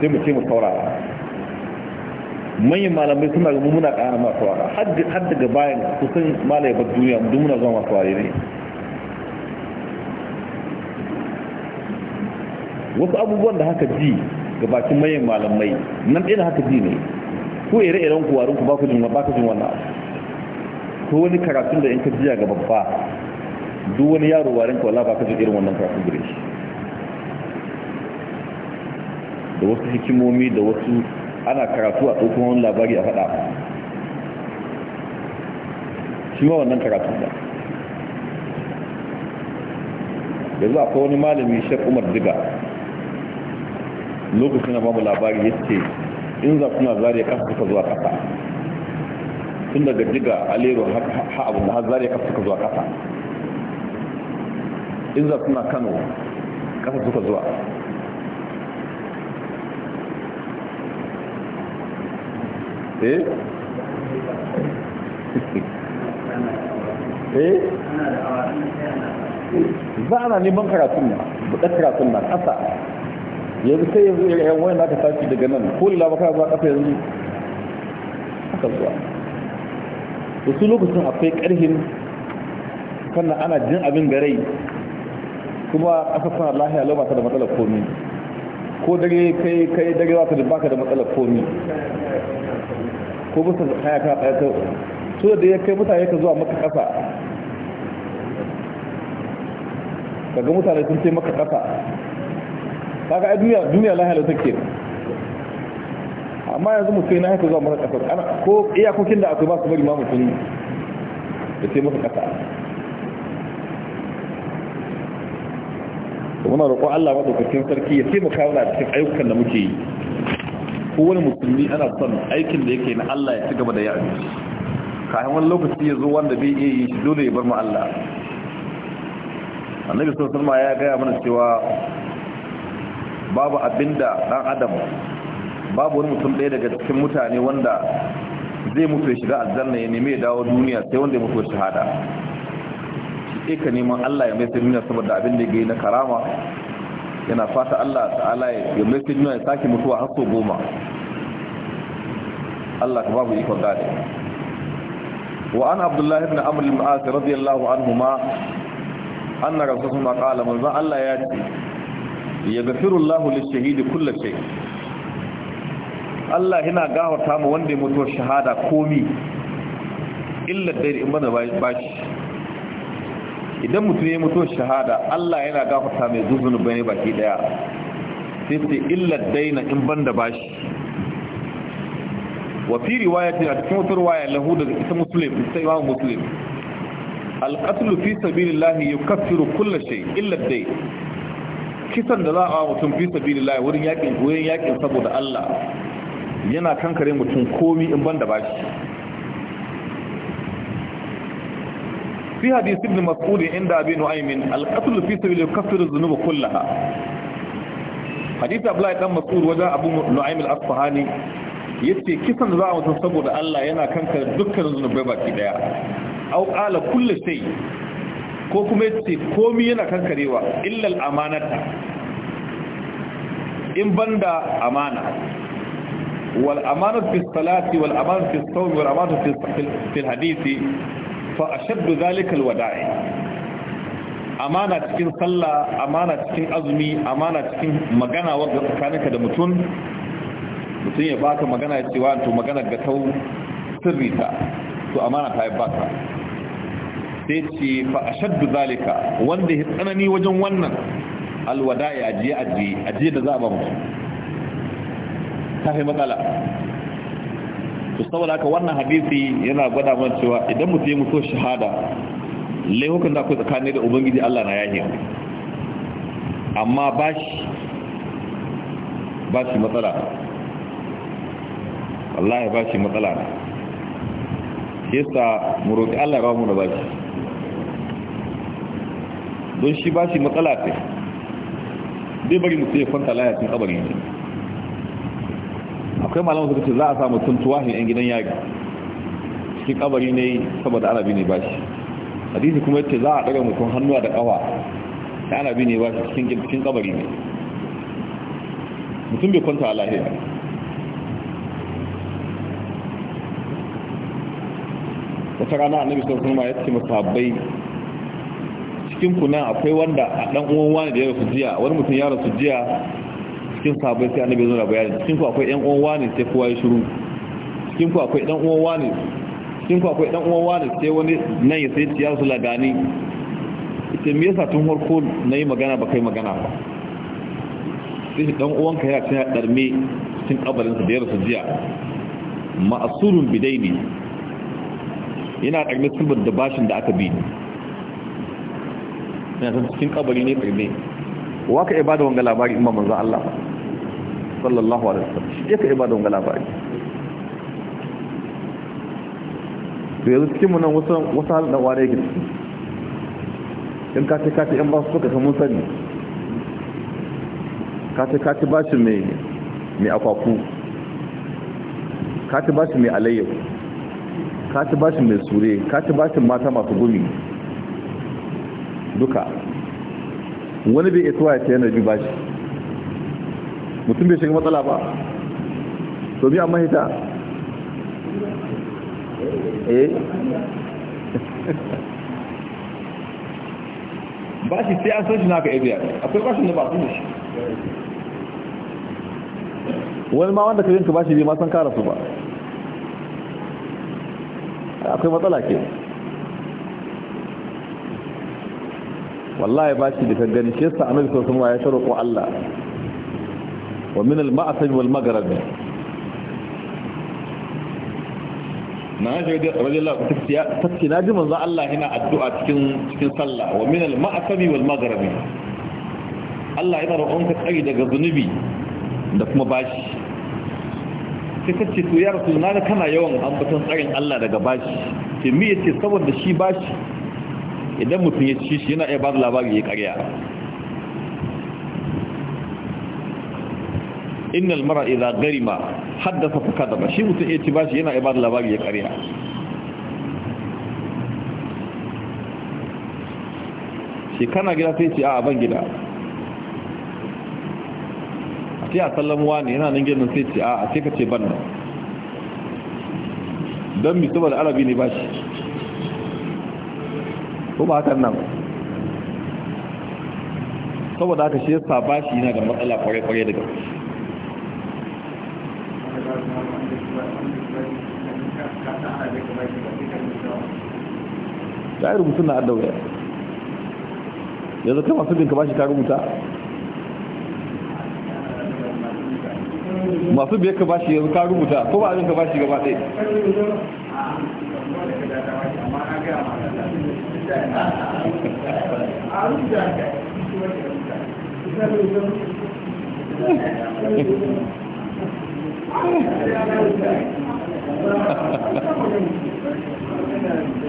sai mu ce mu saurara manyan malamai suna ga muna kara masu wara har daga bayan kusan malaye bar duniya mu muna zuwa masu ware ne wasu abubuwan da haka ji ga bakin manyan malamai nan ɗaya haka ji ne ko ire-iren warin ku ba ku jin wannan abu ko wani karatun da in ka jiya ga babba duk wani yaro warin ku wala ba ka ji irin wannan karatu gare shi da wasu hikimomi da wasu ana karatu a tsokon wani labari a faɗa shi ma wannan karatu da yanzu akwai wani malami shek umar diga lokacin da babu labari ya ce in za kuna ya kasa suka zuwa kasa tun daga diga alero ha abin da zari ya kafa suka zuwa kasa in za suna kano kasa suka zuwa eh eh ba ana neman karatun na buɗa karatun na ƙasa yanzu sai yanzu ya yan wayan aka tashi daga nan ko lila ba kana zuwa ƙasa yanzu aka zuwa wasu lokacin akwai ƙarhin sannan ana jin abin garai kuma aka sanar lahiya lau ba ta da matsalar komi ko dare kai kai dare za ka da baka da matsalar komi ko bisa haya ka tsaya ta so da ya kai mutane ka zuwa maka kasa kaga mutane sun ce maka kasa kaga a duniya duniya lahala take amma yanzu mutum na haka zuwa maka kasa ko iyakokin da akwai ba su bari ma mutum ya ce maka kasa muna roƙo Allah madaukakin sarki ya taimaka mana cikin ayyukan da muke yi Ko kowane musulmi ana son aikin da yake na Allah ya ci gaba da ya Kayan kafin wani lokaci ya zo wanda bai iya yi dole ya bar mu Allah annabi sallallahu alaihi wasallam ya gaya mana cewa babu abinda dan adam babu wani mutum ɗaya daga cikin mutane wanda zai mutu ya shiga aljanna ya nemi ya dawo duniya sai wanda ya mutu shahada sai ka neman Allah ya mai sirriya saboda abin da ya yi na karama yana fata Allah ta'ala ya mai sirriya ya sake mutuwa har so goma Allah ka babu ikon gane wa an abdullahi ibn amr al-ma'as radiyallahu ma anna rasulullah qala man Allah ya ce yaghfiru Allah lish-shahid kullu shay Allah yana gafarta mu wanda ya mutu shahada komi illa dai in bana bashi idan mutum ya mutu shahada Allah yana gafarta mai zuzunu bane baki daya sai sai illa daina in banda bashi wa fi riwayatin a cikin wata riwaya lahu daga ita muslim ita imam muslim al-qatl fi sabilillah yukaffiru kull shay illa dai kisan da za a wa mutum fi sabilillah wurin yakin wurin yakin saboda Allah yana kankare mutum komi in banda bashi fi hadisi ibn mas'ud inda abi nu'aym al-qatl fi sabil kafir az-zunub kullaha hadisi abdullahi dan mas'ud wajen abu al yace kisan da za a mutum saboda Allah yana kanka dukkan zunubai baki daya au qala kullu sai. ko kuma yace komai yana kankarewa illa al-amanata in banda amana والأمانة في الصلاة والأمانة في الصوم والأمانة في hadisi fa a ashaddu zalikal wada'i amana cikin sallah amana cikin azumi amana cikin magana wadda tsakaninka da mutum mutum ya baka magana ya cewa to magana ga tau sirri ta to amana ta yi baka sai ce fa a ashaddu zalika wanda ya tsanani wajen wannan alwada'i ajiye ajiye ajiye da za a ba mutum ta fi matsala to saboda haka wannan hadisi yana gwada mana cewa idan mutum ya mutu shahada laifukan da akwai tsakani da ubangiji Allah na yahe amma bashi shi matsala wallahi bashi matsala na yasa mu roƙi Allah ya ba mu da bashi don shi bashi matsala ce zai bari mutum ya kwanta laya sun kabari ne akwai malamu suka ce za a samu tuntuwa tuwahin yan gidan yaƙi cikin kabari ne saboda arabi ne bashi hadisi kuma yace za a ɗaga mutum hannuwa da ƙawa da arabi ne bashi cikin cikin kabari ne mutum bai kwanta a lahira wata rana annabi nabi alaihi ma ya ce masahabbai cikin kuna akwai wanda a ɗan'uwan uwan wani da ya rasu jiya wani mutum ya rasu jiya cikin sahabbai sai annabi zuwa bayani cikin ku akwai ɗan uwan wani sai kowa ya shiru cikin ku akwai ɗan uwan wani cikin ku akwai ɗan uwan wani sai wani nan ya sai ciya su lagani ita me yasa tun farko na yi magana ba kai magana ba sai shi ɗan uwanka ya tana ɗarme cikin ƙabarinsa da ya rasu jiya ma'asurun bidai ne yana ɗarme cikin da bashin da aka bi yana cikin ƙabari ne ɗarme wa ka ba da wanga labari in ba Allah sallallahu alaihi wasallam shi yake ibadan gala ba to yanzu cikin munan wasu wasu halin da ware yake in ka ce ka ce in ba su suka mun sani ka ce ka ce shi mai mai akwaku ka ba shi mai alayyau ka ba shi mai sure ka ba shi mata masu gumi duka wani bai isuwa ya ce yana bi shi. mutum bai shiga matsala ba to bi amma hita eh ba shi sai an san shi naka ebiya akwai bashin da ba su shi wani ma wanda ka ba bashi bai ma san kara su ba akwai matsala ke wallahi bashi da ka gani shi yasa annabi sallallahu alaihi ya sharo ko Allah wa min al-ma'asami wal magharabi na shi da radiyallahu anhu tace na ji manzo Allah yana addu'a cikin sallah wa min al-ma'asami wal magharabi Allah yana roƙon ka tsari daga zunubi da kuma bashi sai ta ce to ya rasu na kana yawan ambaton tsarin Allah daga bashi ke mi ya ce saboda shi bashi idan mutum ya ci shi yana iya ba da labari ya karya innal mara idza garima haddasa fa kadaba shi mutun yace ci bashi yana ibada labari ya kariya shi kana gida sai ce a ban gida a ce a sallamuwa ne yana nan gidan sai ce a a ce ka ce ban nan don mi saboda arabi ne bashi ko ba hakan nan saboda haka shi yasa bashi yana da matsala kwarai-kwarai daga ta yi rubutun na adda wuya yanzu kama binka ba shi ka rubuta masu biyar ka shi yanzu ka rubuta ko ba abin ka shi gaba ɗaya Thank you.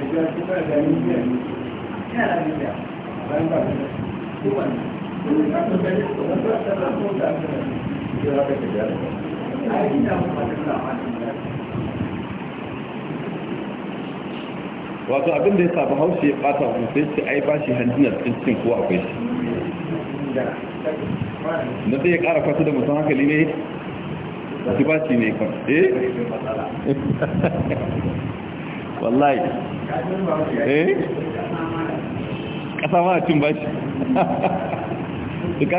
wato abin da ya sabu haushi ya bata wani sai ce ai ba shi hannunan cikin kuwa akwai shi na zai ya kara kwata da mutum hankali ne su ba shi ne kwan eh wallahi Kasa eh? ƙasa ma cin bashi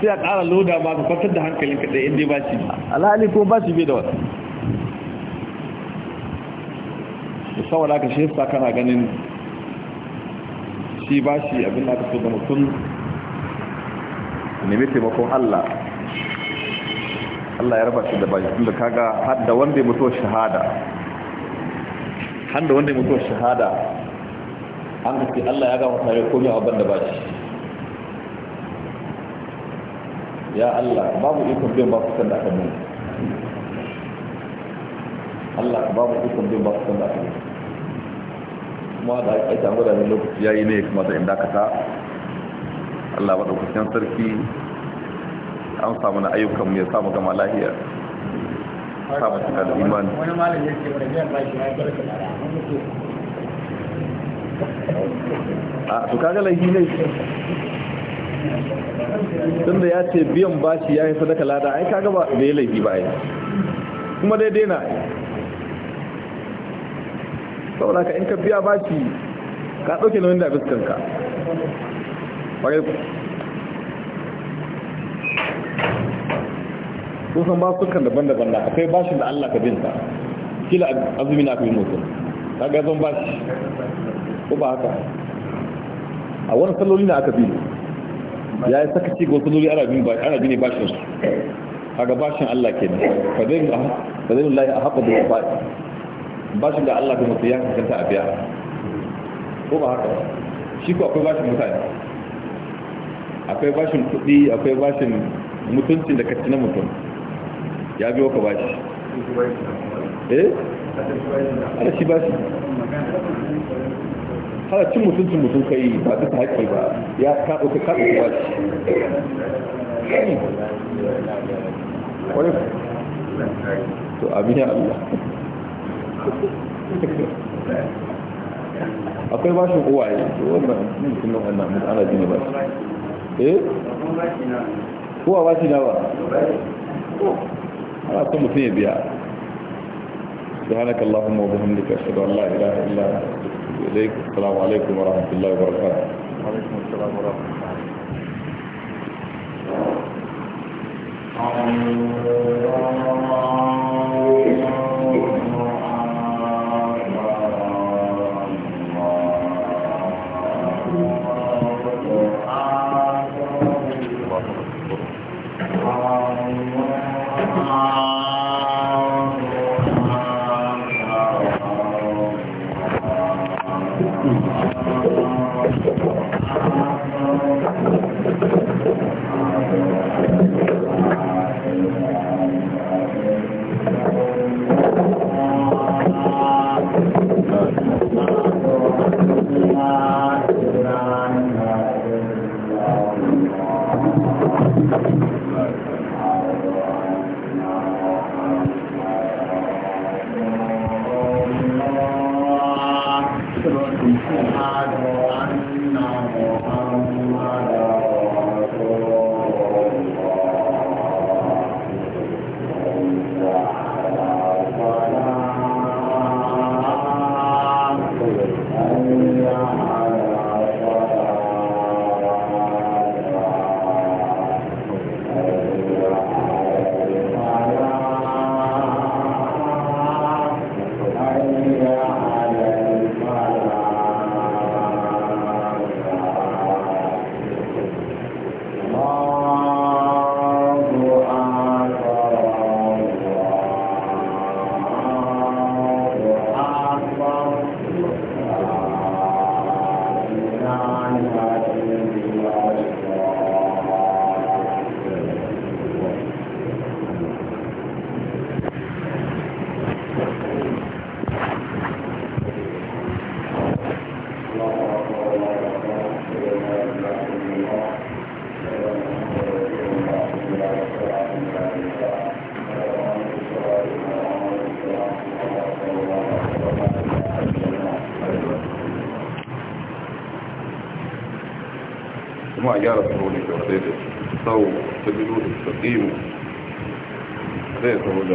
sai a ƙara loda ba ka kwatar da hankalin kaɗai inda ba shi alhali ko ba shi bai da wata da saboda ka shi sa kana ganin shi ba shi abin da aka so da mutum nemi taimakon Allah Allah ya raba shi da bashi tun da kaga har da wanda ya mutuwa shahada hannu wanda mutuwar shahada an gaske Allah ya gama tare komai abin da ba shi ya Allah babu ikon bin ba sanda aka nuna Allah babu ikon bin ba sanda aka nuna kuma da aka aita gudanar lokaci ya yi ne kuma da inda kata Allah ɗaukacin sarki an samu na ayyukanmu ya samu gama lahiyar sabata al'iman ya ce ba shi ya a to kaga laifi ne da ya ce biyan bashi ya yi sadaka lada ai kaga ba da ya laifi ba ya kuma dai-dai na ai saboda ka in ka biya bashi ka ɗauke nauyin da abiskanka kun san ba kan daban-daban na akwai bashin da Allah ka binta kila azumi na kai mutum ga zan bashi ko ba haka a wani salloli na aka bi ya yi sakaci ga wasu lori ana bi ne bashin su kaga bashin Allah ke nan fadailun lahi a haɓa da wafa bashin da Allah ke mutu ya kankanta a biya ko ba haka shi ko akwai bashin mutane akwai bashin kuɗi akwai bashin mutuncin da kacci na mutum ya biyo ka ba shi eh ana shi bashi hana cin mutum cin mutum kai ba duka haƙƙi ba ya ka ɗauka ka ɗauka bashi wani to amin ya Allah akwai ba shi uwaye to wannan mutum nan wannan mutum ana jini ba eh kowa bashi na ba على كل شيء بها سبحانك اللهم وبحمدك أشهد أن لا إله إلا انت إليك السلام عليكم ورحمة الله وبركاته وعليكم السلام ورحمة الله وبركاته